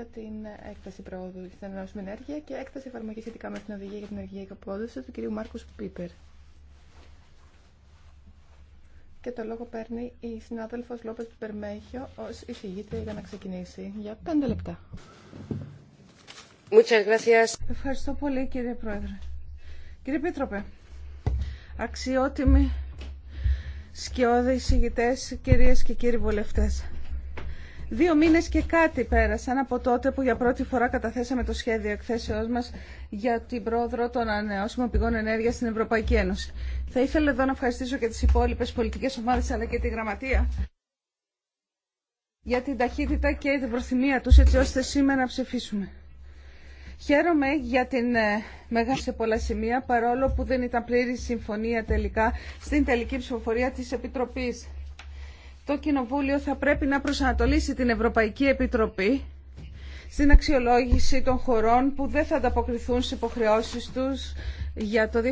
για την έκταση πρόοδου στην ανανεώσιμη ενέργεια και έκταση εφαρμογή σχετικά με την οδηγία για την ενεργειακή απόδοση του κ. Μάρκου Πίπερ. Και το λόγο παίρνει η συνάδελφο Λόπε Περμέχιο ω εισηγήτρια για να ξεκινήσει. Για πέντε λεπτά. Ευχαριστώ πολύ κύριε Πρόεδρε. Κύριε Πίτροπε, αξιότιμοι σκιώδη εισηγητέ, κυρίες και κύριοι βουλευτές. Δύο μήνες και κάτι πέρασαν από τότε που για πρώτη φορά καταθέσαμε το σχέδιο εκθέσεώς μας για την πρόοδο των ανανεώσιμων πηγών ενέργειας στην Ευρωπαϊκή Ένωση. Θα ήθελα εδώ να ευχαριστήσω και τις υπόλοιπες πολιτικές ομάδες αλλά και τη Γραμματεία για την ταχύτητα και την προθυμία τους έτσι ώστε σήμερα να ψηφίσουμε. Χαίρομαι για την ε, μεγάλη σε πολλά σημεία παρόλο που δεν ήταν πλήρη συμφωνία τελικά στην τελική ψηφοφορία της Επιτροπής το Κοινοβούλιο θα πρέπει να προσανατολίσει την Ευρωπαϊκή Επιτροπή στην αξιολόγηση των χωρών που δεν θα ανταποκριθούν στις υποχρεώσεις τους για το 2020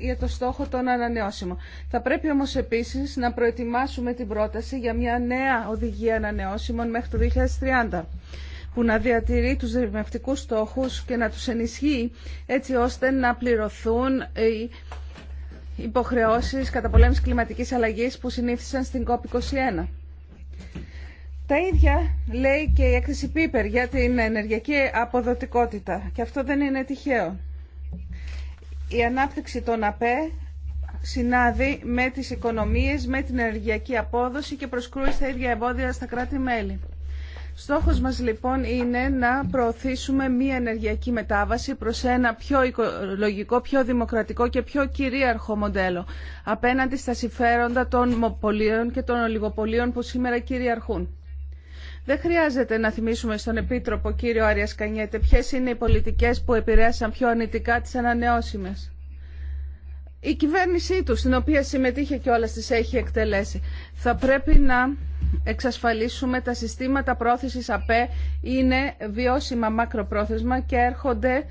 για το στόχο των ανανεώσιμων. Θα πρέπει όμως επίσης να προετοιμάσουμε την πρόταση για μια νέα οδηγία ανανεώσιμων μέχρι το 2030 που να διατηρεί τους δεσμευτικούς στόχους και να τους ενισχύει έτσι ώστε να πληρωθούν υποχρεώσεις καταπολέμησης κλιματικής αλλαγής που συνήθισαν στην COP21. Τα ίδια λέει και η έκθεση Πίπερ για την ενεργειακή αποδοτικότητα και αυτό δεν είναι τυχαίο. Η ανάπτυξη των ΑΠΕ συνάδει με τις οικονομίες, με την ενεργειακή απόδοση και προσκρούει στα ίδια εμπόδια στα κράτη-μέλη. Στόχος μας λοιπόν είναι να προωθήσουμε μία ενεργειακή μετάβαση προς ένα πιο οικολογικό, πιο δημοκρατικό και πιο κυρίαρχο μοντέλο απέναντι στα συμφέροντα των μοπολίων και των ολιγοπολίων που σήμερα κυριαρχούν. Δεν χρειάζεται να θυμίσουμε στον Επίτροπο κύριο Άρια Κανιέτε ποιες είναι οι πολιτικές που επηρέασαν πιο ανητικά τις ανανεώσιμες η κυβέρνησή του, στην οποία συμμετείχε και όλα τις έχει εκτελέσει. Θα πρέπει να εξασφαλίσουμε τα συστήματα πρόθεσης ΑΠΕ είναι βιώσιμα μακροπρόθεσμα και έρχονται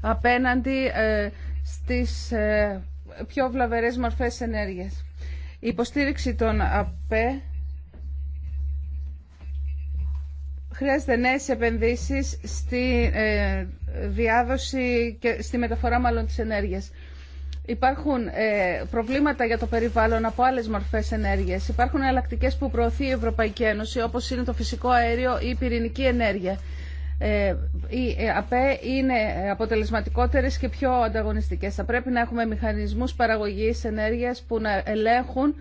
απέναντι ε, στις ε, πιο βλαβερές μορφές ενέργειας. Η υποστήριξη των ΑΠΕ Χρειάζεται νέε επενδύσεις στη ε, διάδοση και στη μεταφορά μάλλον της ενέργειας. Υπάρχουν ε, προβλήματα για το περιβάλλον από άλλε μορφές ενέργεια. Υπάρχουν εναλλακτικέ που προωθεί η Ευρωπαϊκή Ένωση όπως είναι το φυσικό αέριο ή η πυρηνική ενέργεια. Οι ε, ΑΠΕ είναι αποτελεσματικότερες και πιο ανταγωνιστικέ. Θα πρέπει να έχουμε μηχανισμού παραγωγή ενέργεια που να ελέγχουν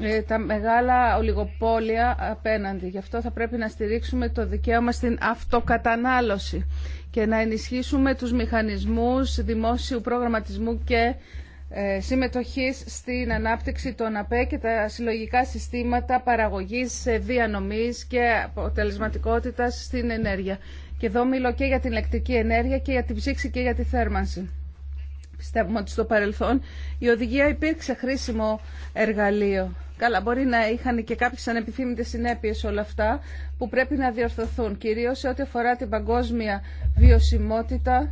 ε, τα μεγάλα ολιγοπόλια απέναντι. Γι' αυτό θα πρέπει να στηρίξουμε το δικαίωμα στην αυτοκατανάλωση και να ενισχύσουμε τους μηχανισμούς δημόσιου προγραμματισμού και ε, συμμετοχής στην ανάπτυξη των ΑΠΕ και τα συλλογικά συστήματα παραγωγής, ε, διανομής και αποτελεσματικότητας στην ενέργεια. Και εδώ μιλώ και για την ηλεκτρική ενέργεια και για την ψήξη και για τη θέρμανση. Πιστεύουμε ότι στο παρελθόν η οδηγία υπήρξε χρήσιμο εργαλείο. Καλά, μπορεί να είχαν και κάποιε ανεπιθύμητε συνέπειες όλα αυτά που πρέπει να διορθωθούν, κυρίως σε ό,τι αφορά την παγκόσμια βιωσιμότητα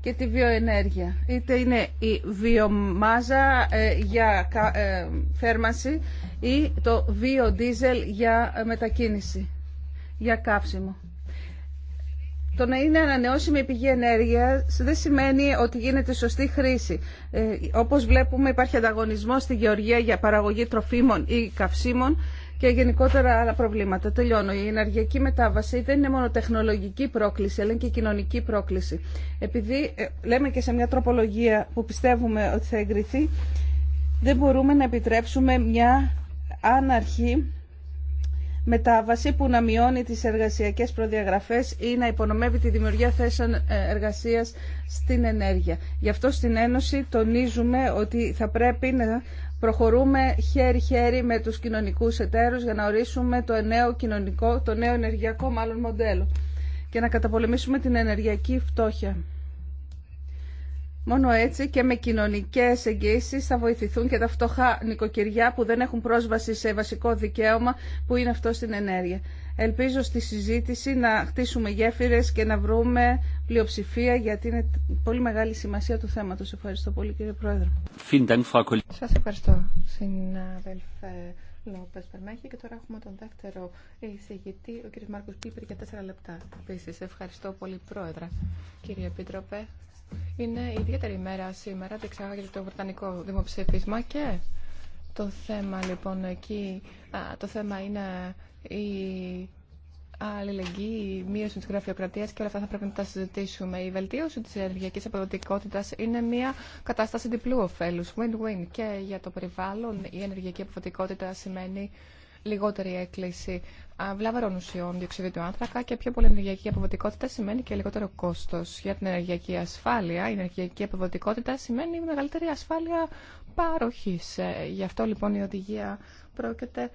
και τη βιοενέργεια. Είτε είναι η βιομάζα ε, για ε, θέρμανση ή το βιοδίζελ για μετακίνηση, για καύσιμο. Το να είναι ανανεώσιμη η πηγή ενέργεια δεν σημαίνει ότι γίνεται σωστή χρήση. Ε, όπως βλέπουμε υπάρχει ανταγωνισμό στη γεωργία για παραγωγή τροφίμων ή καυσίμων και γενικότερα άλλα προβλήματα. Τελειώνω. Η ενεργειακή μετάβαση δεν είναι μόνο τεχνολογική πρόκληση, αλλά και κοινωνική πρόκληση. Επειδή ε, λέμε και σε μια τροπολογία που πιστεύουμε ότι θα εγκριθεί, δεν μπορούμε να επιτρέψουμε μια άναρχη μετάβαση που να μειώνει τις εργασιακές προδιαγραφές ή να υπονομεύει τη δημιουργία θέσεων ε, εργασίας στην ενέργεια. Γι' αυτό στην Ένωση τονίζουμε ότι θα πρέπει να προχωρούμε χέρι-χέρι με τους κοινωνικούς εταίρους για να ορίσουμε το νέο κοινωνικό, το νέο ενεργειακό μάλλον μοντέλο και να καταπολεμήσουμε την ενεργειακή φτώχεια. Μόνο έτσι και με κοινωνικέ εγγύσει θα βοηθηθούν και τα φτωχά νοικοκυριά που δεν έχουν πρόσβαση σε βασικό δικαίωμα που είναι αυτό στην ενέργεια. Ελπίζω στη συζήτηση να χτίσουμε γέφυρε και να βρούμε πλειοψηφία γιατί είναι πολύ μεγάλη σημασία του θέματο. Ευχαριστώ πολύ κύριε Πρόεδρο. Σα ευχαριστώ συνάδελφε Λόπε Περμέχη και τώρα έχουμε τον δεύτερο εισηγητή, ο κύριο Μάρκο Πίπερ για τέσσερα λεπτά. Επίση ευχαριστώ πολύ Πρόεδρα. Κύριε Επίτροπε, είναι ιδιαίτερη ημέρα σήμερα, διεξάγεται το Βρετανικό Δημοψήφισμα και το θέμα λοιπόν εκεί, το θέμα είναι η αλληλεγγύη, η μείωση της γραφειοκρατίας και όλα αυτά θα πρέπει να τα συζητήσουμε. Η βελτίωση της ενεργειακής αποδοτικότητας είναι μια κατάσταση διπλού ωφέλους, win-win και για το περιβάλλον. Η ενεργειακή αποδοτικότητα σημαίνει λιγότερη έκκληση βλάβερων ουσιών διοξιδίου του άνθρακα και πιο πολύ ενεργειακή αποδοτικότητα σημαίνει και λιγότερο κόστο. Για την ενεργειακή ασφάλεια, η ενεργειακή αποδοτικότητα σημαίνει μεγαλύτερη ασφάλεια παροχή. Ε, γι' αυτό λοιπόν η οδηγία πρόκειται.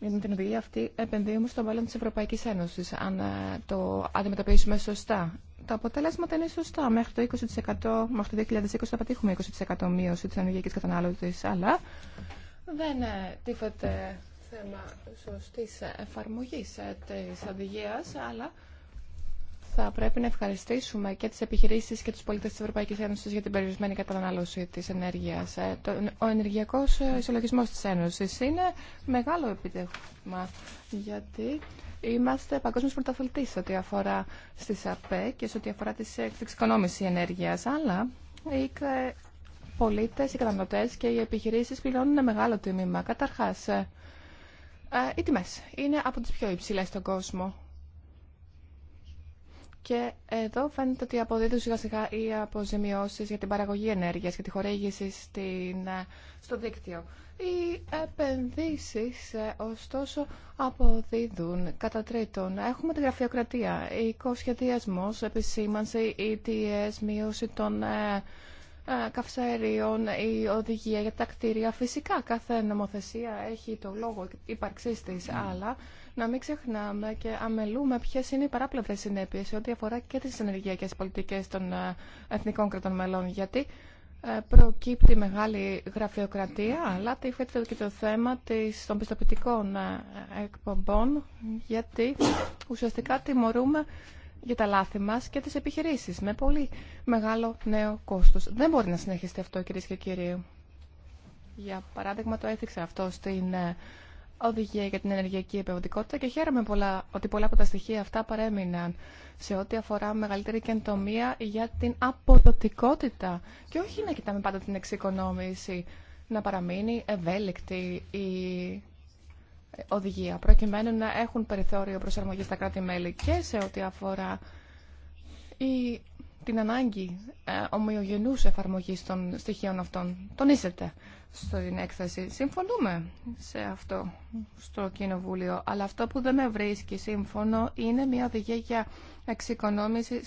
Για την οδηγία αυτή επενδύουμε στο μέλλον τη Ευρωπαϊκή Ένωση. Αν ε, το αντιμετωπίσουμε σωστά, τα αποτέλεσματα είναι σωστά. Μέχρι το 20%, μέχρι το 2020 θα πετύχουμε 20% μείωση τη ενεργειακή κατανάλωση, αλλά δεν ε, τίθεται θέμα σωστής εφαρμογής ε, της οδηγία, αλλά θα πρέπει να ευχαριστήσουμε και τις επιχειρήσεις και τους πολίτες της Ευρωπαϊκής Ένωσης για την περιορισμένη κατανάλωση της ενέργειας. Ε, ο ενεργειακό ε, ισολογισμός της Ένωσης είναι μεγάλο επιτεύγμα, γιατί είμαστε παγκόσμιος πρωταθλητής ό,τι αφορά στις ΑΠΕ και σε ό,τι αφορά την εξοικονόμηση ενέργειας, αλλά οι πολίτες, οι καταναλωτές και οι επιχειρήσεις πληρώνουν ένα μεγάλο τίμημα. Καταρχάς, ε, οι τιμέ, είναι από τις πιο υψηλές στον κόσμο. Και εδώ φαίνεται ότι αποδίδουν σιγά σιγά οι αποζημιώσεις για την παραγωγή ενέργειας και τη χορήγηση στην, ε, στο δίκτυο. Οι επενδύσεις, ε, ωστόσο, αποδίδουν κατά τρίτον. Έχουμε τη γραφειοκρατία, οικοσχεδιασμός, επισήμανση, ETS, μείωση των ε, καυσαερίων, η οδηγία για τα κτίρια. Φυσικά κάθε νομοθεσία έχει το λόγο ύπαρξή τη, ναι. αλλά να μην ξεχνάμε και αμελούμε ποιε είναι οι παράπλευρε συνέπειε ό,τι αφορά και τι ενεργειακέ πολιτικέ των ε, εθνικών κρατών μελών. Γιατί ε, προκύπτει μεγάλη γραφειοκρατία, αλλά τίθεται και το θέμα της, των πιστοποιητικών εκπομπών, γιατί ουσιαστικά τιμωρούμε για τα λάθη μας και τις επιχειρήσεις με πολύ μεγάλο νέο κόστος. Δεν μπορεί να συνεχιστεί αυτό κυρίε και κύριοι. Για παράδειγμα το έθιξα αυτό στην ε, οδηγία για την ενεργειακή επενδυτικότητα και χαίρομαι πολλά, ότι πολλά από τα στοιχεία αυτά παρέμειναν σε ό,τι αφορά μεγαλύτερη καινοτομία για την αποδοτικότητα και όχι να κοιτάμε πάντα την εξοικονόμηση να παραμείνει ευέλικτη η οδηγία, προκειμένου να έχουν περιθώριο προσαρμογή στα κράτη-μέλη και σε ό,τι αφορά η, την ανάγκη ε, ομοιογενούς εφαρμογής των στοιχείων αυτών. Τονίσετε στην έκθεση. Συμφωνούμε σε αυτό στο Κοινοβούλιο, αλλά αυτό που δεν με βρίσκει σύμφωνο είναι μια οδηγία για εξοικονόμηση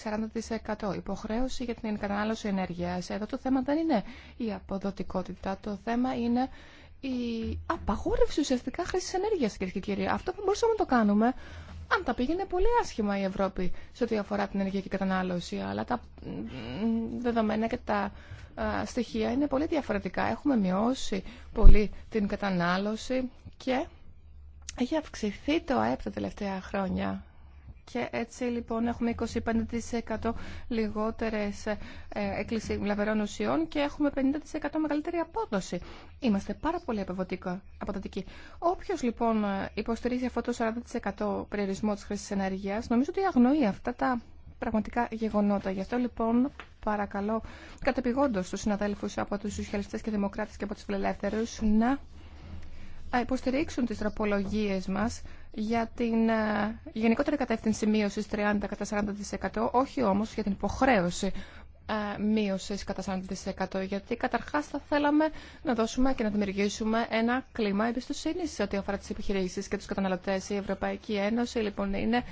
40%. Υποχρέωση για την κατανάλωση ενέργειας. Εδώ το θέμα δεν είναι η αποδοτικότητα, το θέμα είναι η απαγόρευση ουσιαστικά χρήση ενέργεια, κυρίε και κύριοι. Αυτό θα μπορούσαμε να το κάνουμε αν τα πήγαινε πολύ άσχημα η Ευρώπη σε ό,τι αφορά την ενεργειακή κατανάλωση. Αλλά τα δεδομένα και τα στοιχεία είναι πολύ διαφορετικά. Έχουμε μειώσει πολύ την κατανάλωση και έχει αυξηθεί το ΑΕΠ τα τελευταία χρόνια και έτσι λοιπόν έχουμε 25% λιγότερες ε, έκκληση βλαβερών ουσιών και έχουμε 50% μεγαλύτερη απόδοση. Είμαστε πάρα πολύ αποδοτικοί. Όποιο λοιπόν υποστηρίζει αυτό το 40% περιορισμό της χρήσης ενέργειας, νομίζω ότι αγνοεί αυτά τα πραγματικά γεγονότα. Γι' αυτό λοιπόν παρακαλώ κατεπηγόντως τους συναδέλφους από τους Σοσιαλιστές και Δημοκράτες και από τους Φιλελεύθερους να ε, υποστηρίξουν τις τροπολογίες μας για την ε, γενικότερη κατεύθυνση μείωσης 30 κατά 40%, όχι όμως για την υποχρέωση ε, μείωσης κατά 40%, γιατί καταρχάς θα θέλαμε να δώσουμε και να δημιουργήσουμε ένα κλίμα εμπιστοσύνη σε ό,τι αφορά τις επιχειρήσεις και τους καταναλωτές. Η Ευρωπαϊκή Ένωση λοιπόν είναι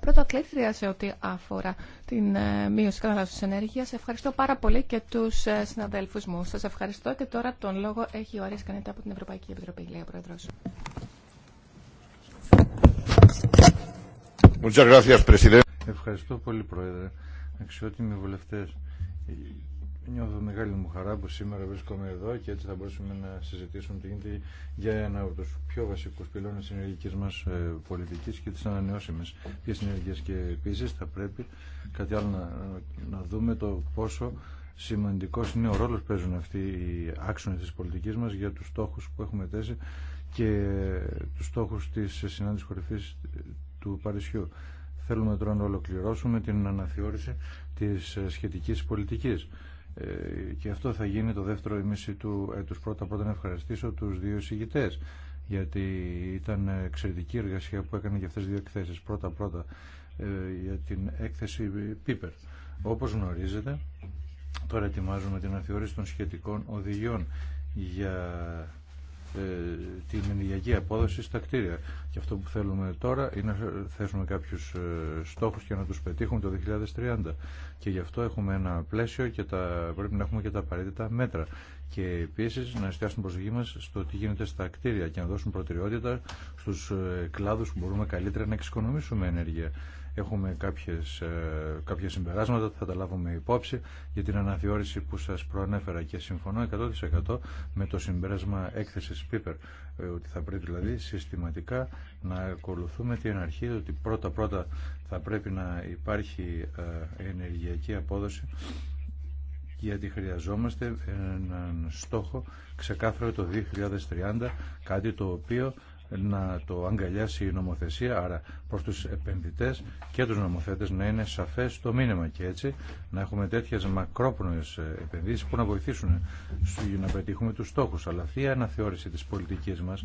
πρώτα σε ό,τι αφορά την ε, μείωση κατανάλωσης ενέργειας. Ευχαριστώ πάρα πολύ και τους συναδέλφους μου. Σας ευχαριστώ και τώρα τον λόγο έχει ο Αρίας Κανέτα από την Ευρωπαϊκή Επιτροπή, λέει ο Ευχαριστώ πολύ, Πρόεδρε. Αξιότιμοι βουλευτέ, νιώθω μεγάλη μου χαρά που σήμερα βρίσκομαι εδώ και έτσι θα μπορούσαμε να συζητήσουμε τι γίνεται για ένα από του πιο βασικού πυλώνε τη ενεργική μα ε, πολιτική και τι ανανεώσιμε πηγέ ενέργεια. Και επίση θα πρέπει κάτι άλλο να, να δούμε το πόσο σημαντικό είναι ο ρόλο που παίζουν αυτοί οι άξονε τη πολιτική μα για του στόχου που έχουμε θέσει και τους στόχους της συνάντησης κορυφής του Παρισιού. Θέλουμε τώρα να ολοκληρώσουμε την αναθεώρηση της σχετικής πολιτικής. Ε, και αυτό θα γίνει το δεύτερο ημίση του έτους. Πρώτα πρώτα να ευχαριστήσω τους δύο συγητές γιατί ήταν εξαιρετική εργασία που έκανε για αυτές τις δύο εκθέσεις. Πρώτα πρώτα ε, για την έκθεση Πίπερ. Όπως γνωρίζετε, τώρα ετοιμάζουμε την αναθεώρηση των σχετικών οδηγιών για ε, την ενεργειακή απόδοση στα κτίρια. Και αυτό που θέλουμε τώρα είναι να θέσουμε κάποιους ε, στόχους και να τους πετύχουμε το 2030. Και γι' αυτό έχουμε ένα πλαίσιο και τα, πρέπει να έχουμε και τα απαραίτητα μέτρα. Και επίσης να εστιάσουμε προσοχή μα στο τι γίνεται στα κτίρια και να δώσουμε προτεραιότητα στους ε, κλάδους που μπορούμε καλύτερα να εξοικονομήσουμε ενέργεια. Έχουμε κάποιες, ε, κάποια συμπεράσματα θα τα λάβουμε υπόψη για την αναθεώρηση που σας προανέφερα και συμφωνώ 100% με το συμπέρασμα έκθεσης Πίπερ ε, ότι θα πρέπει δηλαδή συστηματικά να ακολουθούμε την αρχή ότι πρώτα πρώτα θα πρέπει να υπάρχει ε, ενεργειακή απόδοση γιατί χρειαζόμαστε έναν στόχο ξεκάθαρο το 2030, κάτι το οποίο να το αγκαλιάσει η νομοθεσία, άρα προς τους επενδυτές και τους νομοθέτες να είναι σαφές το μήνυμα και έτσι να έχουμε τέτοιες μακρόπνοες επενδύσεις που να βοηθήσουν να πετύχουμε τους στόχους. Αλλά αυτή η αναθεώρηση της πολιτικής μας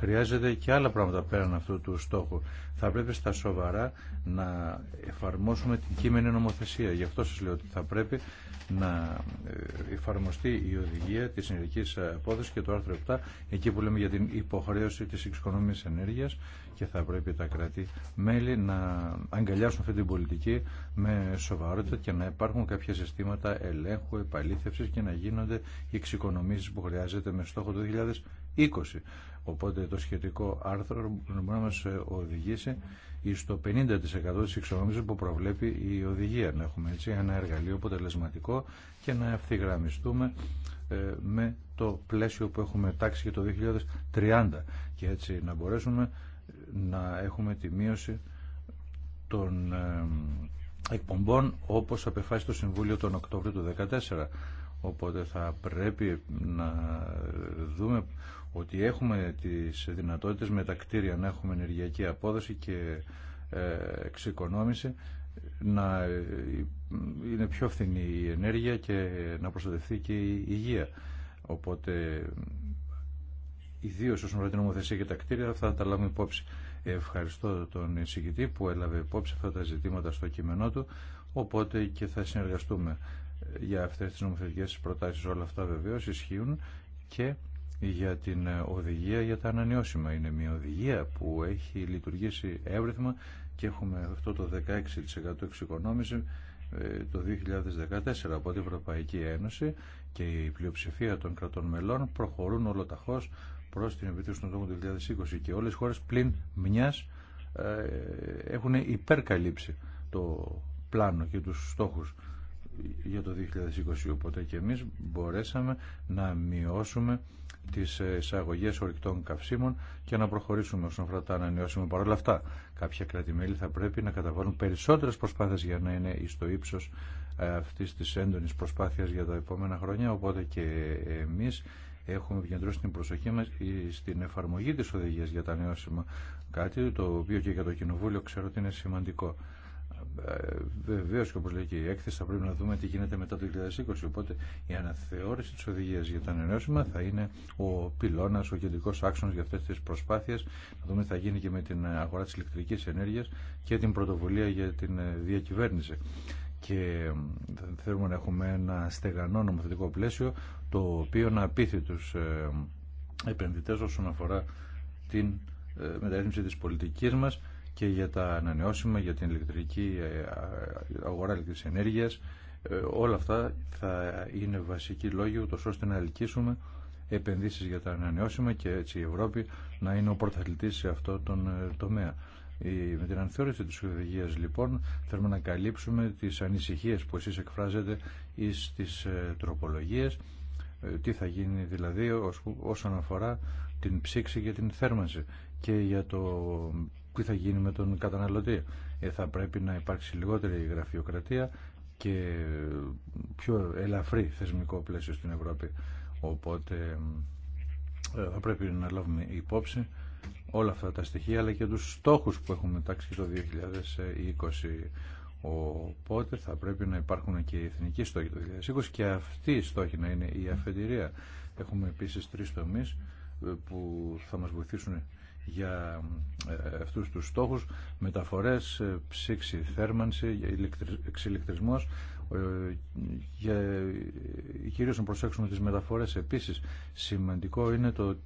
χρειάζεται και άλλα πράγματα πέραν αυτού του στόχου. Θα πρέπει στα σοβαρά να εφαρμόσουμε την κείμενη νομοθεσία. Γι' αυτό σας λέω ότι θα πρέπει να ε, εφαρμοστεί η οδηγία της ενεργικής απόδοσης και το άρθρο 7, εκεί που λέμε για την υποχρέωση της εξοικονομίας ενέργειας και θα πρέπει τα κράτη-μέλη να αγκαλιάσουν αυτή την πολιτική με σοβαρότητα και να υπάρχουν κάποια συστήματα ελέγχου, επαλήθευσης και να γίνονται οι εξοικονομήσεις που χρειάζεται με στόχο το 2020. Οπότε το σχετικό άρθρο μπορεί να μας οδηγήσει στο 50% της που προβλέπει η οδηγία. Να έχουμε έτσι ένα εργαλείο αποτελεσματικό και να ευθυγραμμιστούμε ε, με το πλαίσιο που έχουμε τάξει για το 2030 και έτσι να μπορέσουμε ε, να έχουμε τη μείωση των ε, εκπομπών όπως απεφάσισε το Συμβούλιο τον Οκτώβριο του 2014. Οπότε θα πρέπει να δούμε ότι έχουμε τις δυνατότητες με τα κτίρια να έχουμε ενεργειακή απόδοση και ε, εξοικονόμηση να ε, είναι πιο φθηνή η ενέργεια και να προστατευτεί και η υγεία. Οπότε ιδίω όσον αφορά την νομοθεσία και τα κτίρια θα τα λάβουμε υπόψη. Ευχαριστώ τον εισηγητή που έλαβε υπόψη αυτά τα ζητήματα στο κείμενό του οπότε και θα συνεργαστούμε για αυτές τις νομοθετικές προτάσεις όλα αυτά βεβαίως ισχύουν και για την ε, οδηγία για τα ανανεώσιμα. Είναι μια οδηγία που έχει λειτουργήσει εύρυθμα και έχουμε αυτό το 16% εξοικονόμηση ε, το 2014 από την Ευρωπαϊκή Ένωση και η πλειοψηφία των κρατών μελών προχωρούν ολοταχώς προς την επιτύχηση των του 2020 και όλες οι χώρες πλην μιας ε, έχουν υπερκαλύψει το πλάνο και τους στόχους για το 2020 οπότε και εμείς μπορέσαμε να μειώσουμε τις ε, εισαγωγές ορυκτών καυσίμων και να προχωρήσουμε όσον αφορά τα ανανεώσιμα. Παρ' όλα αυτά, κάποια κράτη-μέλη θα πρέπει να καταβάλουν περισσότερες προσπάθειες για να είναι στο ύψος ε, αυτής της έντονης προσπάθειας για τα επόμενα χρόνια, οπότε και εμείς έχουμε επικεντρώσει την προσοχή μας στην εφαρμογή της οδηγίας για τα ανανεώσιμα, κάτι το οποίο και για το Κοινοβούλιο ξέρω ότι είναι σημαντικό. Ε, Βεβαίω και όπω λέει και η έκθεση, θα πρέπει να δούμε τι γίνεται μετά το 2020. Οπότε η αναθεώρηση τη οδηγία για τα ανανεώσιμα θα είναι ο πυλώνα, ο κεντρικό άξονα για αυτέ τι προσπάθειε. Να δούμε τι θα γίνει και με την αγορά τη ηλεκτρική ενέργεια και την πρωτοβουλία για την ε, διακυβέρνηση. Και θέλουμε να έχουμε ένα στεγανό νομοθετικό πλαίσιο το οποίο να πείθει του ε, επενδυτέ όσον αφορά την μεταρρύθμιση τη πολιτική μα και για τα ανανεώσιμα, για την ηλεκτρική ε, αγορά ηλεκτρικής ενέργειας. Ε, όλα αυτά θα είναι βασική λόγοι ούτως ώστε να ελκύσουμε επενδύσεις για τα ανανεώσιμα και έτσι η Ευρώπη να είναι ο πρωταθλητής σε αυτό τον ε, τομέα. Με την ανθεώρηση της οδηγίας λοιπόν θέλουμε να καλύψουμε τις ανησυχίες που εσείς εκφράζετε ή στις τροπολογίες τι θα γίνει δηλαδή όσον αφορά την ψήξη και την θέρμανση και για το τι θα γίνει με τον καταναλωτή. Ε, θα πρέπει να υπάρξει λιγότερη γραφειοκρατία και πιο ελαφρύ θεσμικό πλαίσιο στην Ευρώπη. Οπότε ε, θα πρέπει να λάβουμε υπόψη όλα αυτά τα στοιχεία αλλά και τους στόχους που έχουμε τάξει το 2020. Οπότε θα πρέπει να υπάρχουν και οι εθνικοί στόχοι το 2020 και αυτοί οι στόχοι να είναι η αφεντηρία. Έχουμε επίσης τρεις τομείς ε, που θα μας βοηθήσουν για ε, αυτούς τους στόχους μεταφορές, ε, ψήξη, θέρμανση, εξηλεκτρισμός ε, για κυρίως να προσέξουμε τις μεταφορές επίσης σημαντικό είναι το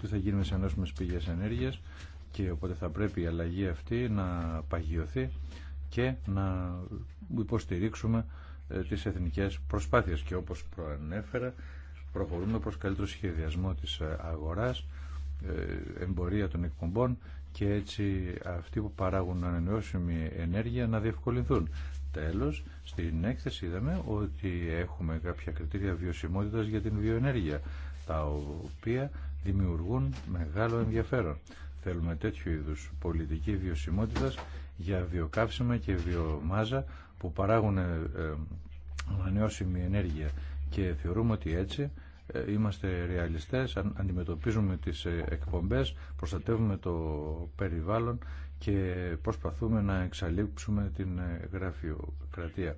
τι θα γίνει με τις ανώσιμες πηγές ενέργειας και οπότε θα πρέπει η αλλαγή αυτή να παγιωθεί και να υποστηρίξουμε τις εθνικές προσπάθειες και όπως προανέφερα προχωρούμε προς καλύτερο σχεδιασμό της αγοράς ε, εμπορία των εκπομπών και έτσι αυτοί που παράγουν ανανεώσιμη ενέργεια να διευκολυνθούν. Τέλος, στην έκθεση είδαμε ότι έχουμε κάποια κριτήρια βιωσιμότητας για την βιοενέργεια, τα οποία δημιουργούν μεγάλο ενδιαφέρον. Θέλουμε τέτοιου είδους πολιτική βιωσιμότητας για βιοκαύσιμα και βιομάζα που παράγουν ε, ε, ανανεώσιμη ενέργεια και θεωρούμε ότι έτσι ε, είμαστε ρεαλιστές, αντιμετωπίζουμε τις ε, εκπομπές, προστατεύουμε το περιβάλλον και προσπαθούμε να εξαλείψουμε την ε, γραφειοκρατία.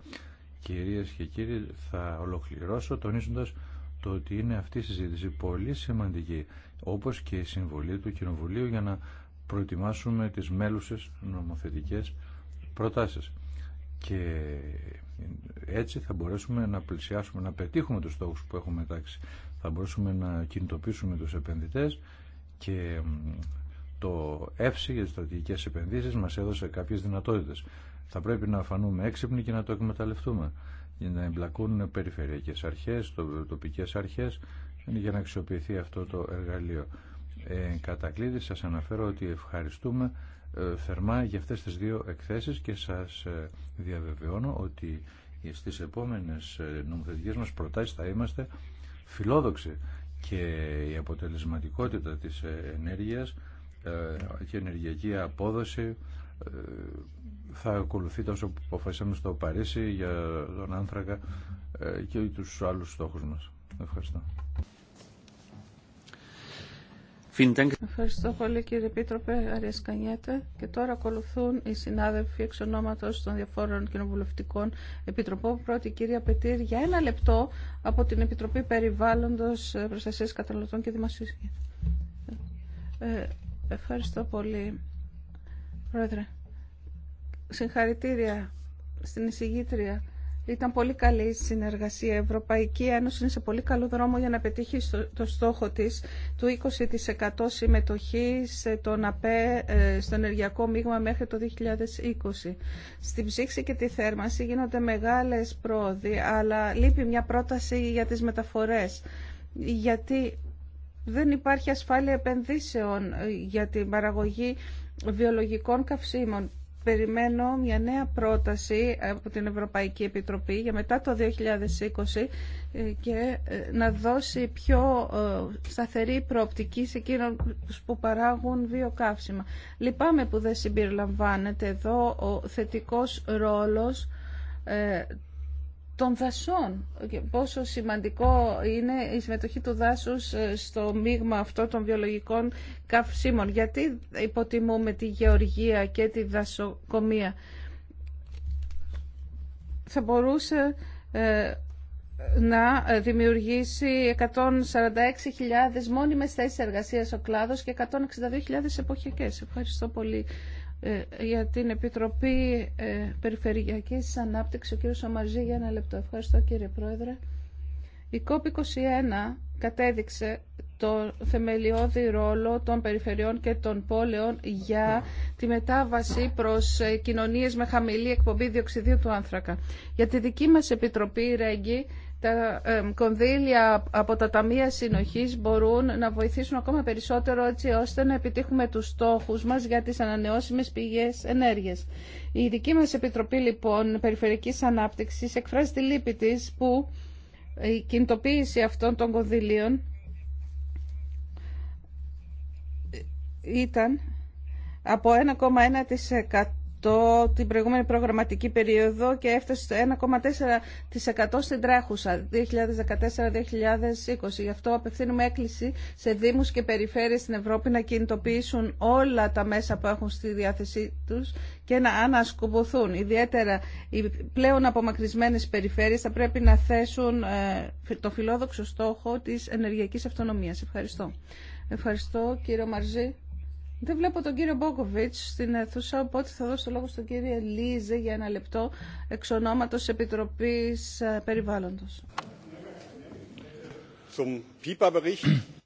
Κυρίες και κύριοι, θα ολοκληρώσω τονίζοντας το ότι είναι αυτή η συζήτηση πολύ σημαντική, όπως και η συμβολή του Κοινοβουλίου για να προετοιμάσουμε τις μέλουσες νομοθετικές προτάσεις και έτσι θα μπορέσουμε να πλησιάσουμε, να πετύχουμε τους στόχους που έχουμε τάξει. Θα μπορέσουμε να κινητοποιήσουμε τους επενδυτές και το ΕΦΣΙ για τις στρατηγικές επενδύσεις μας έδωσε κάποιες δυνατότητες. Θα πρέπει να φανούμε έξυπνοι και να το εκμεταλλευτούμε για να εμπλακούν περιφερειακές αρχές, τοπικές αρχές για να αξιοποιηθεί αυτό το εργαλείο. Ε, Κατακλείδη σας αναφέρω ότι ευχαριστούμε ε, θερμά για αυτές τις δύο εκθέσεις και σας ε, διαβεβαιώνω ότι στις επόμενες ε, νομοθετικές μας προτάσεις θα είμαστε φιλόδοξοι και η αποτελεσματικότητα της ενέργειας και η ενεργειακή απόδοση θα ακολουθεί τόσο που αποφασίσαμε στο Παρίσι για τον άνθρακα και τους άλλους στόχους μας. Ευχαριστώ. Ευχαριστώ πολύ κύριε Επίτροπε Άρια Και τώρα ακολουθούν οι συνάδελφοι εξ ονόματος των διαφόρων κοινοβουλευτικών επιτροπών. Πρώτη κυρία Πετήρ για ένα λεπτό από την Επιτροπή Περιβάλλοντος ε, Προστασίας Καταναλωτών και Δημοσίου. Ε, ευχαριστώ πολύ Πρόεδρε. Συγχαρητήρια στην εισηγήτρια ήταν πολύ καλή η συνεργασία. Η Ευρωπαϊκή Ένωση είναι σε πολύ καλό δρόμο για να πετύχει το στόχο της του 20% συμμετοχή στον ΑΠΕ ε, στο ενεργειακό μείγμα μέχρι το 2020. Στην ψήξη και τη θέρμανση γίνονται μεγάλες πρόοδοι, αλλά λείπει μια πρόταση για τις μεταφορές. Γιατί δεν υπάρχει ασφάλεια επενδύσεων για την παραγωγή βιολογικών καυσίμων περιμένω μια νέα πρόταση από την Ευρωπαϊκή Επιτροπή για μετά το 2020 ε, και ε, να δώσει πιο ε, σταθερή προοπτική σε εκείνους που παράγουν βιοκαύσιμα. Λυπάμαι που δεν συμπεριλαμβάνεται εδώ ο θετικός ρόλος των δασών. πόσο σημαντικό είναι η συμμετοχή του δάσους ε, στο μείγμα αυτό των βιολογικών καυσίμων. Γιατί υποτιμούμε τη γεωργία και τη δασοκομεία. Θα μπορούσε ε, να δημιουργήσει 146.000 μόνιμες θέσεις εργασίας ο κλάδος και 162.000 εποχικές. Ευχαριστώ πολύ. Ε, για την Επιτροπή ε, Περιφερειακής Ανάπτυξης, ο κύριος Σαμαζή για ένα λεπτό. Ευχαριστώ κύριε Πρόεδρε. Η COP21 κατέδειξε το θεμελιώδη ρόλο των περιφερειών και των πόλεων για τη μετάβαση προς ε, κοινωνίες με χαμηλή εκπομπή διοξιδίου του άνθρακα. Για τη δική μας Επιτροπή Ρέγγι τα κονδύλια από τα ταμεία συνοχής μπορούν να βοηθήσουν ακόμα περισσότερο έτσι ώστε να επιτύχουμε τους στόχους μας για τις ανανεώσιμες πηγές ενέργειας. Η δική μας Επιτροπή λοιπόν Περιφερειακής Ανάπτυξης εκφράζει τη λύπη της που η κινητοποίηση αυτών των κονδυλίων ήταν από 1,1% το την προηγούμενη προγραμματική περίοδο και έφτασε στο 1,4% στην τρέχουσα 2014-2020. Γι' αυτό απευθύνουμε έκκληση σε δήμους και περιφέρειες στην Ευρώπη να κινητοποιήσουν όλα τα μέσα που έχουν στη διάθεσή τους και να ανασκουμποθούν. Ιδιαίτερα οι πλέον απομακρυσμένες περιφέρειες θα πρέπει να θέσουν ε, το φιλόδοξο στόχο τη ενεργειακή αυτονομία. Ευχαριστώ. Ευχαριστώ κύριο Μαρζή. Δεν βλέπω τον κύριο Μπόκοβιτ στην αίθουσα, οπότε θα δώσω το λόγο στον κύριο Λίζε για ένα λεπτό εξ ονόματο Επιτροπή ε, Περιβάλλοντο.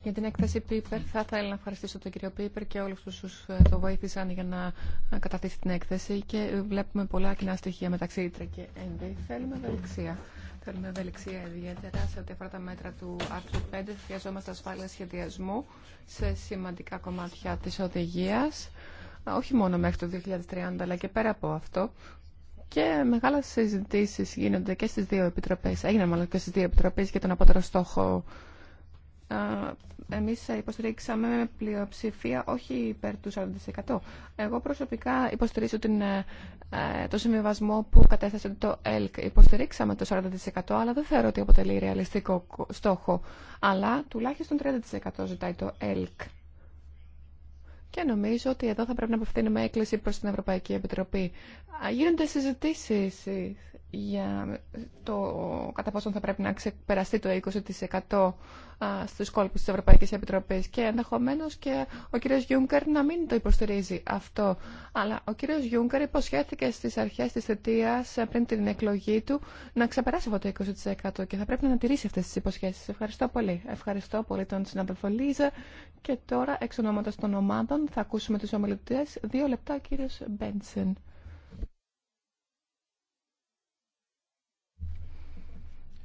Για την έκθεση Πίπερ θα ήθελα να ευχαριστήσω τον κύριο Πίπερ και όλους όσους ε, το βοήθησαν για να ε, καταθέσει την έκθεση και βλέπουμε πολλά κοινά στοιχεία μεταξύ και ΕΝΔΗ. Θέλουμε ευελιξία. Θέλουμε ευελιξία ιδιαίτερα σε ό,τι αφορά τα μέτρα του άρθρου 5. Χρειαζόμαστε ασφάλεια σχεδιασμού σε σημαντικά κομμάτια τη οδηγία, όχι μόνο μέχρι το 2030, αλλά και πέρα από αυτό. Και μεγάλε συζητήσει γίνονται και στι δύο επιτροπέ. Έγιναν μάλλον και στι δύο επιτροπέ για τον απότερο στόχο εμείς υποστηρίξαμε με πλειοψηφία όχι υπέρ του 40%. Εγώ προσωπικά υποστηρίζω την, ε, το συμβιβασμό που κατέθεσε το ΕΛΚ. Υποστηρίξαμε το 40% αλλά δεν θεωρώ ότι αποτελεί ρεαλιστικό στόχο. Αλλά τουλάχιστον 30% ζητάει το ΕΛΚ. Και νομίζω ότι εδώ θα πρέπει να απευθύνουμε έκκληση προς την Ευρωπαϊκή Επιτροπή. Γίνονται συζητήσεις για το κατά πόσο θα πρέπει να ξεπεραστεί το 20% στους κόλπους της Ευρωπαϊκής Επιτροπής και ενδεχομένω και ο κύριος Γιούγκερ να μην το υποστηρίζει αυτό. Αλλά ο κύριος Γιούγκερ υποσχέθηκε στις αρχές της θετίας πριν την εκλογή του να ξεπεράσει αυτό το 20% και θα πρέπει να τηρήσει αυτές τις υποσχέσεις. Ευχαριστώ πολύ. Ευχαριστώ πολύ τον συνάδελφο Λίζα και τώρα εξ ονόματος των ομάδων θα ακούσουμε τους ομιλητές. Δύο λεπτά ο κύριος Μπέντσεν.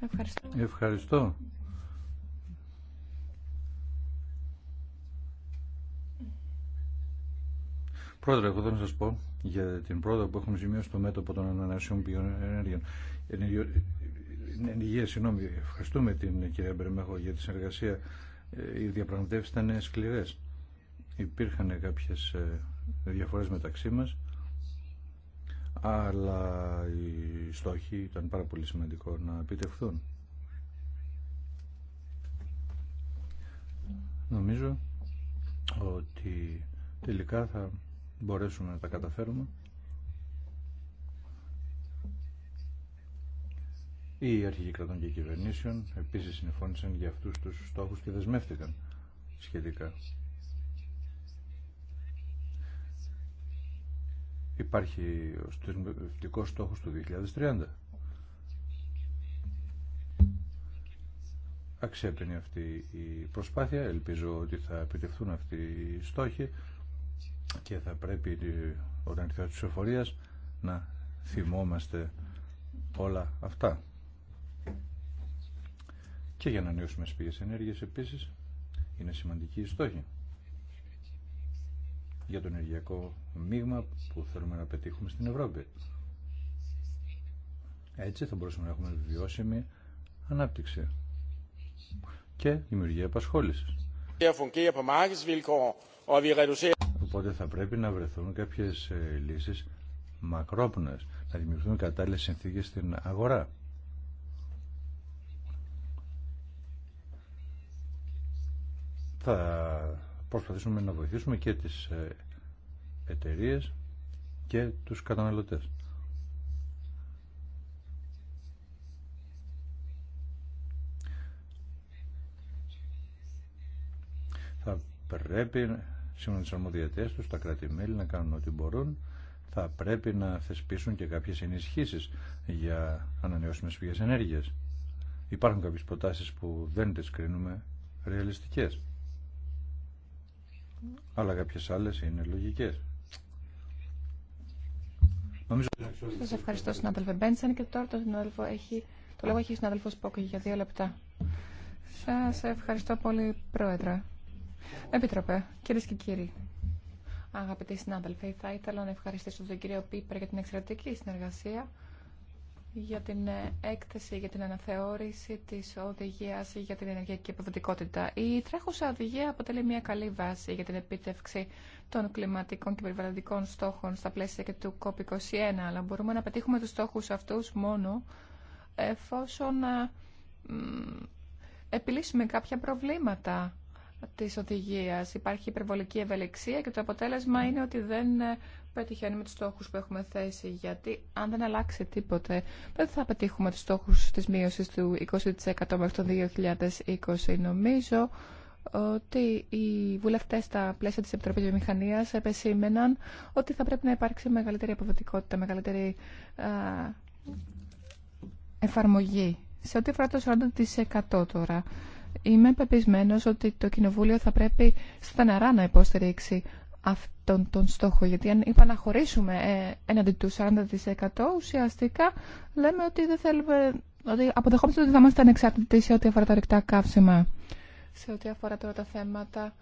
Ευχαριστώ. Ευχαριστώ. Πρόεδρε, εγώ θέλω να σας πω για την πρόοδο που έχουμε σημειώσει στο μέτωπο των ανανεώσιμων πηγών ενέργειας. Ε, ε, ενεργεία, συγγνώμη, ευχαριστούμε την κυρία Μπερμέχο για τη συνεργασία. Ε, οι διαπραγματεύσεις ήταν σκληρές. Υπήρχαν κάποιες διαφορές μεταξύ μας αλλά οι στόχοι ήταν πάρα πολύ σημαντικό να επιτευχθούν. Νομίζω ότι τελικά θα μπορέσουμε να τα καταφέρουμε. Οι αρχηγοί κρατών και κυβερνήσεων επίσης συμφώνησαν για αυτούς τους στόχους και δεσμεύτηκαν σχετικά. Υπάρχει ο στρατιωτικός στόχος του 2030. Αξέπαινε αυτή η προσπάθεια. Ελπίζω ότι θα επιτευχθούν αυτοί οι στόχοι και θα πρέπει ο τη της εφορίας να θυμόμαστε όλα αυτά. Και για να νιώσουμε τις πηγές ενέργειας επίσης είναι σημαντική η στόχη για το ενεργειακό μείγμα που θέλουμε να πετύχουμε στην Ευρώπη. Έτσι θα μπορούσαμε να έχουμε βιώσιμη ανάπτυξη και δημιουργία επασχόληση. Οπότε θα πρέπει να βρεθούν κάποιε λύσει μακρόπνοε, να δημιουργηθούν κατάλληλε συνθήκε στην αγορά. Θα προσπαθήσουμε να βοηθήσουμε και τις ε, εταιρείε και τους καταναλωτές. Θα πρέπει, σύμφωνα τις αρμοδιατές τους, τα κράτη-μέλη να κάνουν ό,τι μπορούν. Θα πρέπει να θεσπίσουν και κάποιες ενισχύσεις για ανανεώσιμες πηγές ενέργειας. Υπάρχουν κάποιες προτάσεις που δεν τις κρίνουμε ρεαλιστικές αλλά κάποιες άλλες είναι λογικές. Νομίζω... Σας ευχαριστώ συνάδελφε Μπέντσαν και τώρα το συνάδελφο έχει... Το λόγο έχει ο συνάδελφος Πόκο για δύο λεπτά. Σας ευχαριστώ πολύ, Πρόεδρε. Επίτροπε, κυρίε και κύριοι. Αγαπητοί συνάδελφοι, θα ήθελα να ευχαριστήσω τον κύριο Πίπερ για την εξαιρετική συνεργασία για την ε, έκθεση, για την αναθεώρηση της οδηγίας για την ενεργειακή αποδοτικότητα. Η τρέχουσα οδηγία αποτελεί μια καλή βάση για την επίτευξη των κλιματικών και περιβαλλοντικών στόχων στα πλαίσια και του COP21, αλλά μπορούμε να πετύχουμε τους στόχους αυτούς μόνο εφόσον ε, επιλύσουμε κάποια προβλήματα της οδηγίας. Υπάρχει υπερβολική ευελιξία και το αποτέλεσμα είναι ότι δεν ε, πετυχαίνουμε τους στόχους που έχουμε θέσει, γιατί αν δεν αλλάξει τίποτε, δεν θα πετύχουμε τους στόχους της μείωσης του 20% μέχρι το 2020. Νομίζω ότι οι βουλευτές στα πλαίσια της Επιτροπής Βιομηχανίας επεσήμεναν ότι θα πρέπει να υπάρξει μεγαλύτερη αποδοτικότητα, μεγαλύτερη εφαρμογή. Σε ό,τι αφορά το 40% τώρα, είμαι πεπισμένος ότι το Κοινοβούλιο θα πρέπει στεναρά να υποστηρίξει αυτόν τον στόχο. Γιατί αν είπα να χωρίσουμε ε, έναντι του 40% ουσιαστικά λέμε ότι δεν θέλουμε, ότι αποδεχόμαστε ότι θα είμαστε ανεξάρτητοι σε ό,τι αφορά τα ρηκτά καύσιμα. Σε ό,τι αφορά τώρα τα θέματα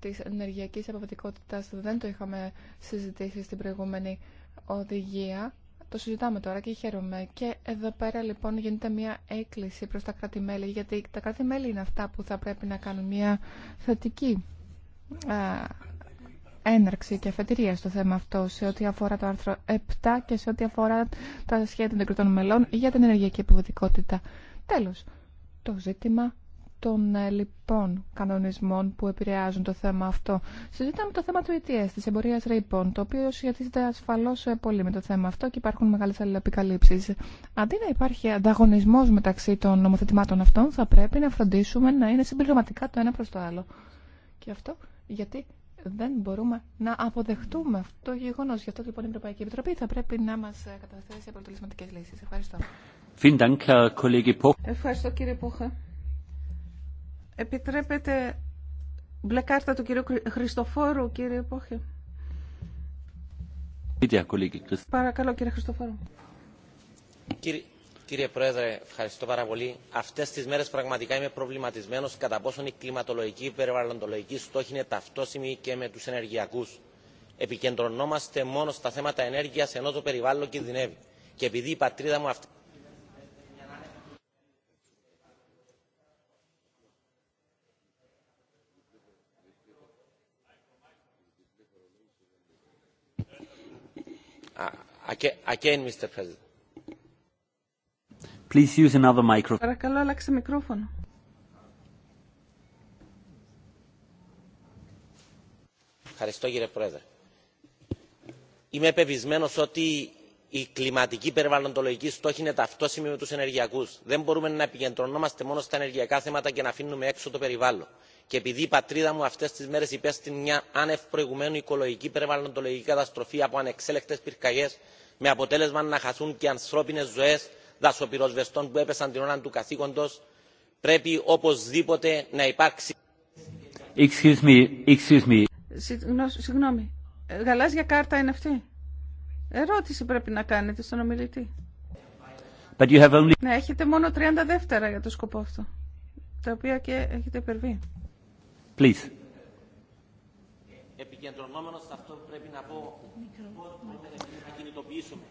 της ενεργειακής αποβατικότητας δεν το είχαμε συζητήσει στην προηγούμενη οδηγία. Το συζητάμε τώρα και χαίρομαι. Και εδώ πέρα λοιπόν γίνεται μια έκκληση προς τα κράτη-μέλη, γιατί τα κράτη-μέλη είναι αυτά που θα πρέπει να κάνουν μια θετική έναρξη και αφετηρία στο θέμα αυτό σε ό,τι αφορά το άρθρο 7 και σε ό,τι αφορά τα σχέδια των κριτών μελών για την ενεργειακή αποδοτικότητα. Τέλο, το ζήτημα των ε, λοιπόν κανονισμών που επηρεάζουν το θέμα αυτό. Συζητάμε το θέμα του ETS, τη εμπορία ρήπων, το οποίο σχετίζεται ασφαλώ ε, πολύ με το θέμα αυτό και υπάρχουν μεγάλε αλληλεπικαλύψει. Αντί να υπάρχει ανταγωνισμό μεταξύ των νομοθετημάτων αυτών, θα πρέπει να φροντίσουμε να είναι συμπληρωματικά το ένα προ το άλλο. Και αυτό γιατί δεν μπορούμε να αποδεχτούμε αυτό το γεγονό. Γι' αυτό λοιπόν η Ευρωπαϊκή Επιτροπή θα πρέπει να μα ε, καταθέσει αποτελεσματικέ λύσει. Ευχαριστώ. Ευχαριστώ κύριε Πούχα. Επιτρέπετε μπλε κάρτα του κυρίου Χριστοφόρου, κύριε Πόχε. Παρακαλώ κύριε Χριστοφόρου. Κύριε, Κύριε Πρόεδρε, ευχαριστώ πάρα πολύ. Αυτέ τι μέρε πραγματικά είμαι προβληματισμένο κατά πόσον η κλιματολογικη και περιβαλλοντολογική στοχή είναι ταυτόσιμοι και με του ενεργειακού. Επικεντρωνόμαστε μόνο στα θέματα ενέργεια ενώ το περιβάλλον κινδυνεύει. Και επειδή η πατρίδα μου αυτή. Παρακαλώ, άλλαξε μικρόφωνο. Ευχαριστώ κύριε Πρόεδρε. Είμαι πεπισμένο ότι η κλιματική περιβαλλοντολογική στόχη είναι ταυτόσιμοι με του ενεργειακού. Δεν μπορούμε να επικεντρωνόμαστε μόνο στα ενεργειακά θέματα και να αφήνουμε έξω το περιβάλλον. Και επειδή η πατρίδα μου αυτέ τι μέρε υπέστη μια άνευ προηγουμένου οικολογική περιβαλλοντολογική καταστροφή από ανεξέλεκτε πυρκαγιέ, με αποτέλεσμα να χαθούν και ανθρώπινε ζωέ δασοπυροσβεστών που έπεσαν την ώρα του καθήκοντος πρέπει οπωσδήποτε να υπάρξει... Excuse me, excuse me. Συγγνώμη. Ε, γαλάζια κάρτα είναι αυτή. Ερώτηση πρέπει να κάνετε στον ομιλητή. But you have only... Ναι, έχετε μόνο 30 δεύτερα για το σκοπό αυτό, τα οποία και έχετε υπερβεί. Please. Επικεντρωνόμενο σε αυτό πρέπει να πω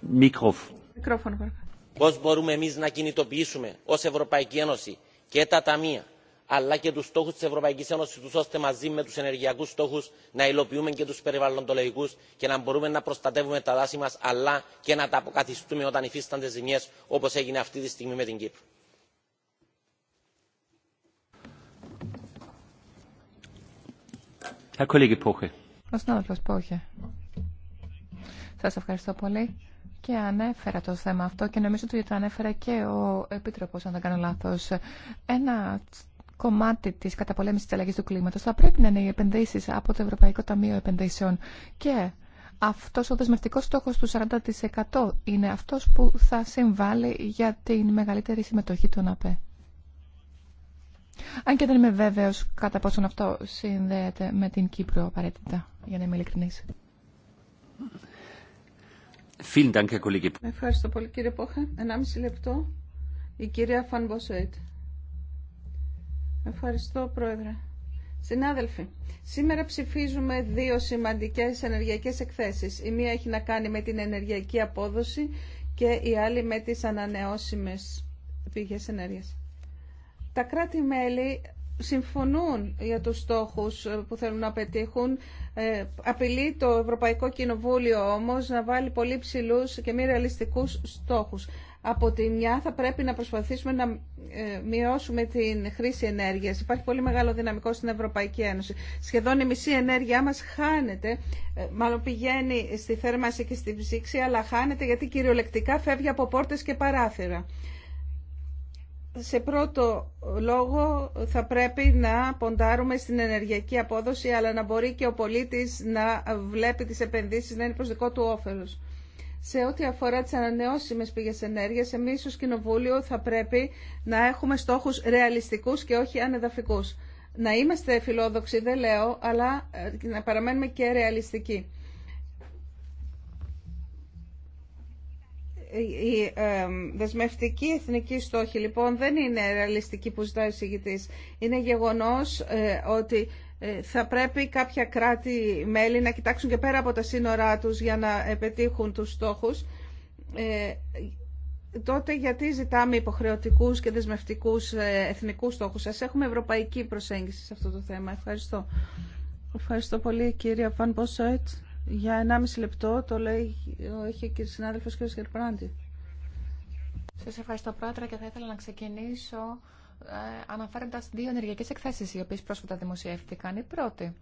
Μικρόφωνο. Μικρόφωνο, παρακαλώ πώς μπορούμε εμείς να κινητοποιήσουμε ως Ευρωπαϊκή Ένωση και τα ταμεία αλλά και τους στόχους της Ευρωπαϊκής Ένωσης τους, ώστε μαζί με τους ενεργειακούς στόχους να υλοποιούμε και τους περιβαλλοντολογικούς και να μπορούμε να προστατεύουμε τα δάση μας αλλά και να τα αποκαθιστούμε όταν υφίστανται ζημιές όπω έγινε αυτή τη στιγμή με την Κύπρο και ανέφερα το θέμα αυτό και νομίζω ότι το ανέφερε και ο Επίτροπος, αν δεν κάνω λάθος. Ένα κομμάτι της καταπολέμησης της αλλαγής του κλίματος θα πρέπει να είναι οι επενδύσεις από το Ευρωπαϊκό Ταμείο Επενδύσεων και αυτός ο δεσμευτικός στόχος του 40% είναι αυτός που θα συμβάλλει για την μεγαλύτερη συμμετοχή των ΑΠΕ. Αν και δεν είμαι βέβαιος κατά πόσον αυτό συνδέεται με την Κύπρο απαραίτητα, για να είμαι ειλικρινής. Ευχαριστώ πολύ κύριε Πόχα. Ένα λεπτό. Η κυρία Φανβοσέιτ Ευχαριστώ πρόεδρε. Συνάδελφοι, σήμερα ψηφίζουμε δύο σημαντικές ενεργειακές εκθέσεις. Η μία έχει να κάνει με την ενεργειακή απόδοση και η άλλη με τις ανανεώσιμες πηγές ενέργειας. Τα κράτη-μέλη συμφωνούν για τους στόχους ε, που θέλουν να πετύχουν. Ε, απειλεί το Ευρωπαϊκό Κοινοβούλιο όμως να βάλει πολύ ψηλούς και μη ρεαλιστικούς στόχους. Από τη μια θα πρέπει να προσπαθήσουμε να ε, μειώσουμε την χρήση ενέργειας. Υπάρχει πολύ μεγάλο δυναμικό στην Ευρωπαϊκή Ένωση. Σχεδόν η μισή ενέργειά μας χάνεται, μάλλον πηγαίνει στη θέρμανση και στη ψήξη, αλλά χάνεται γιατί κυριολεκτικά φεύγει από πόρτες και παράθυρα σε πρώτο λόγο θα πρέπει να ποντάρουμε στην ενεργειακή απόδοση, αλλά να μπορεί και ο πολίτης να βλέπει τις επενδύσεις να είναι προς δικό του όφελος. Σε ό,τι αφορά τις ανανεώσιμες πηγές ενέργειας, εμείς ως Κοινοβούλιο θα πρέπει να έχουμε στόχους ρεαλιστικούς και όχι ανεδαφικούς. Να είμαστε φιλόδοξοι, δεν λέω, αλλά να παραμένουμε και ρεαλιστικοί. η ε, δεσμευτική εθνική στόχη λοιπόν δεν είναι ρεαλιστική που ζητάει ο συγητής. Είναι γεγονός ε, ότι ε, θα πρέπει κάποια κράτη-μέλη να κοιτάξουν και πέρα από τα σύνορά τους για να επιτύχουν τους στόχους. Τότε γιατί ζητάμε υποχρεωτικούς και δεσμευτικούς εθνικούς στόχους σας. Έχουμε ευρωπαϊκή προσέγγιση σε αυτό το θέμα. Ευχαριστώ. Ευχαριστώ πολύ κύριε Φαν για 1,5 λεπτό το λέει έχει και ο συνάδελφος κ. Γερπράντη. Σας ευχαριστώ πρόεδρε και θα ήθελα να ξεκινήσω ε, αναφέροντας δύο ενεργειακές εκθέσεις οι οποίες πρόσφατα δημοσιεύτηκαν. Η πρώτη,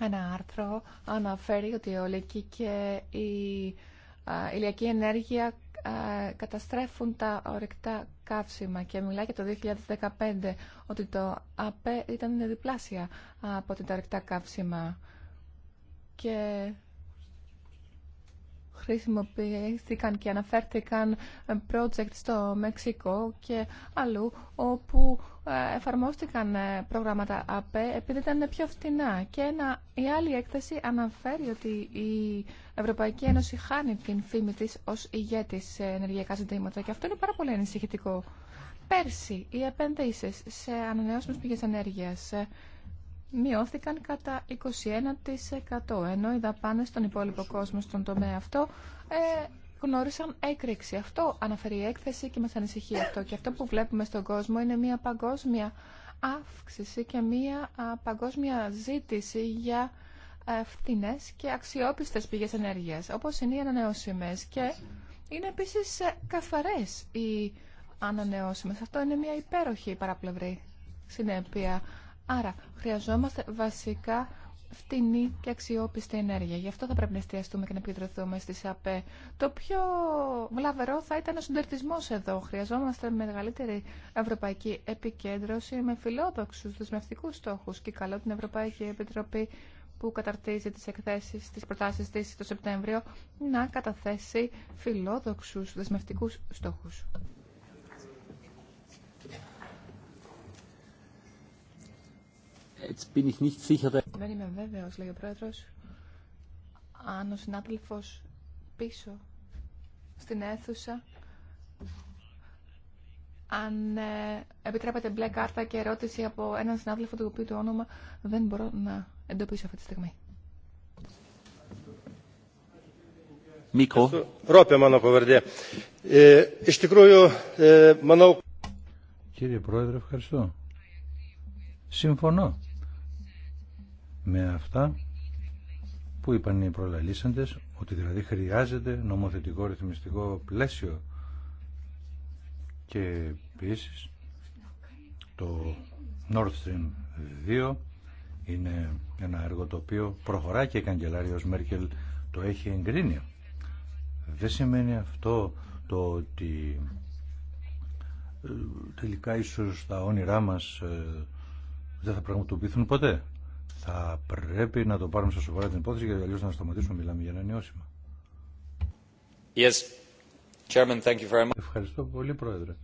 ένα άρθρο αναφέρει ότι η ολική και η ε, ηλιακή ενέργεια ε, καταστρέφουν τα ορεικτά καύσιμα και μιλάει για το 2015 ότι το ΑΠΕ ήταν διπλάσια από τα ορεικτά καύσιμα και χρησιμοποιήθηκαν και αναφέρθηκαν project στο Μεξικό και αλλού όπου ε, εφαρμόστηκαν ε, προγράμματα ΑΠΕ επειδή ήταν πιο φτηνά. Και η άλλη έκθεση αναφέρει ότι η Ευρωπαϊκή Ένωση χάνει την φήμη της ως ηγέτης σε ενεργειακά ζητήματα και αυτό είναι πάρα πολύ ανησυχητικό. Πέρσι οι επενδύσεις σε ανανεώσιμες πηγές ενέργειας ε, μειώθηκαν κατά 21% ενώ οι δαπάνε στον υπόλοιπο κόσμο στον τομέα αυτό ε, γνώρισαν έκρηξη. Αυτό αναφέρει η έκθεση και μας ανησυχεί αυτό. Και αυτό που βλέπουμε στον κόσμο είναι μια παγκόσμια αύξηση και μια παγκόσμια ζήτηση για ε, φθηνέ και αξιόπιστες πηγές ενέργειας, όπως είναι οι ανανεώσιμες. Και είναι επίσης ε, καθαρές οι ανανεώσιμες. Αυτό είναι μια υπέροχη παραπλευρή συνέπεια Άρα, χρειαζόμαστε βασικά φτηνή και αξιόπιστη ενέργεια. Γι' αυτό θα πρέπει να εστιαστούμε και να επικεντρωθούμε στι ΑΠΕ. Το πιο βλαβερό θα ήταν ο συντερτισμό εδώ. Χρειαζόμαστε μεγαλύτερη ευρωπαϊκή επικέντρωση με φιλόδοξου δεσμευτικού στόχου. Και καλό την Ευρωπαϊκή Επιτροπή που καταρτίζει τις εκθέσεις, τις προτάσεις της το Σεπτέμβριο, να καταθέσει φιλόδοξους δεσμευτικούς στόχους. Δεν είμαι βέβαιος, λέει ο Πρόεδρος, αν ο συνάδελφος πίσω στην αίθουσα αν ε, επιτρέπετε μπλε κάρτα και ερώτηση από έναν συνάδελφο του οποίου το όνομα δεν μπορώ να εντοπίσω αυτή τη στιγμή. Μίκο. Ε, ε, Κύριε Πρόεδρε, ευχαριστώ. Συμφωνώ με αυτά που είπαν οι προλαλήσαντες ότι δηλαδή χρειάζεται νομοθετικό ρυθμιστικό πλαίσιο και επίση το Nord Stream 2 είναι ένα έργο το οποίο προχωρά και η καγκελάριος Μέρκελ το έχει εγκρίνει. Δεν σημαίνει αυτό το ότι ε, τελικά ίσως τα όνειρά μας ε, δεν θα πραγματοποιηθούν ποτέ θα πρέπει να το πάρουμε σε σοβαρά την υπόθεση γιατί αλλιώς να σταματήσουμε μιλάμε για ένα νιώσιμο Yes. Chairman, thank you very much. Ευχαριστώ πολύ Πρόεδρε.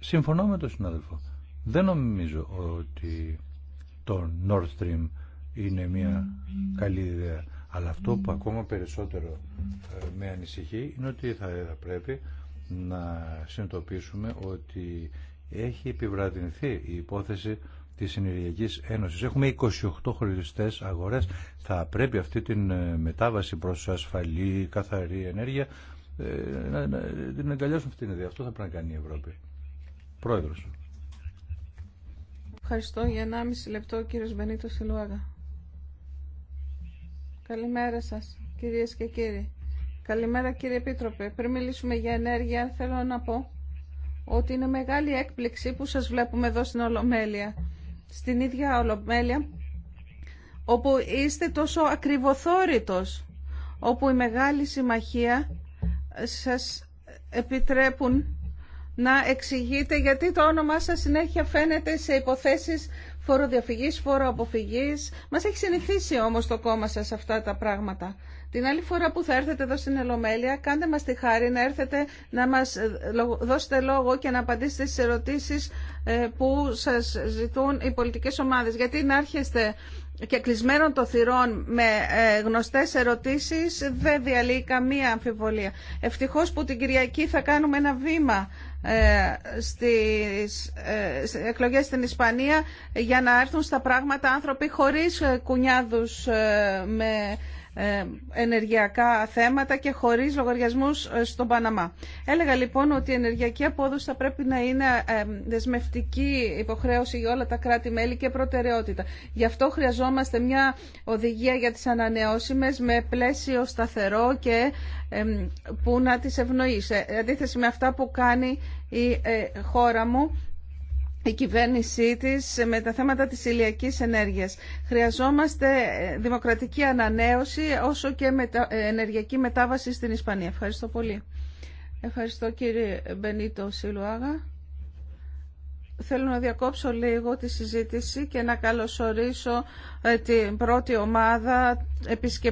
Συμφωνώ με τον συνάδελφο. Δεν νομίζω ότι το Nord Stream είναι μια καλή ιδέα. Αλλά αυτό που ακόμα περισσότερο ε, με ανησυχεί είναι ότι θα πρέπει να συνειδητοποιήσουμε ότι έχει επιβραδυνθεί η υπόθεση Τη Ενεργειακή Ένωση. Έχουμε 28 χωριστές αγορέ. Θα πρέπει αυτή την ε, μετάβαση προ ασφαλή, καθαρή ενέργεια ε, να, την αγκαλιάσουν αυτή την ιδέα. Αυτό θα πρέπει να κάνει η Ευρώπη. Πρόεδρος. Ευχαριστώ για 1,5 λεπτό ο κύριος Μπενίτο Σιλουάγα. Καλημέρα σα, κυρίε και κύριοι. Καλημέρα κύριε Επίτροπε. Πριν μιλήσουμε για ενέργεια θέλω να πω ότι είναι μεγάλη έκπληξη που σας βλέπουμε εδώ στην Ολομέλεια στην ίδια Ολομέλεια όπου είστε τόσο ακριβοθόρητος όπου η Μεγάλη Συμμαχία σας επιτρέπουν να εξηγείτε γιατί το όνομά σας συνέχεια φαίνεται σε υποθέσεις φοροδιαφυγής, φοροαποφυγής. Μας έχει συνηθίσει όμως το κόμμα σας αυτά τα πράγματα. Την άλλη φορά που θα έρθετε εδώ στην Ελομέλεια, κάντε μας τη χάρη να έρθετε να μας ε, δώσετε λόγο και να απαντήσετε στις ερωτήσεις ε, που σας ζητούν οι πολιτικές ομάδες. Γιατί να έρχεστε και κλεισμένων των θυρών με ε, γνωστές ερωτήσεις δεν διαλύει καμία αμφιβολία. Ευτυχώς που την Κυριακή θα κάνουμε ένα βήμα στις εκλογές στην Ισπανία για να έρθουν στα πράγματα άνθρωποι χωρίς κουνιάδους με ε, ενεργειακά θέματα και χωρίς λογαριασμούς ε, στον Παναμά. Έλεγα λοιπόν ότι η ενεργειακή απόδοση θα πρέπει να είναι ε, δεσμευτική υποχρέωση για όλα τα κράτη-μέλη και προτεραιότητα. Γι' αυτό χρειαζόμαστε μια οδηγία για τις ανανεώσιμες με πλαίσιο σταθερό και που να τις ευνοεί. Σε αντίθεση με αυτά που κάνει η χώρα μου η κυβέρνησή της με τα θέματα της ηλιακής ενέργειας. Χρειαζόμαστε δημοκρατική ανανέωση όσο και μετα... ενεργειακή μετάβαση στην Ισπανία. Ευχαριστώ πολύ. Ευχαριστώ κύριε Μπενίτο Σιλουάγα. Θέλω να διακόψω λίγο τη συζήτηση και να καλωσορίσω ε, την πρώτη ομάδα επισκεπτών.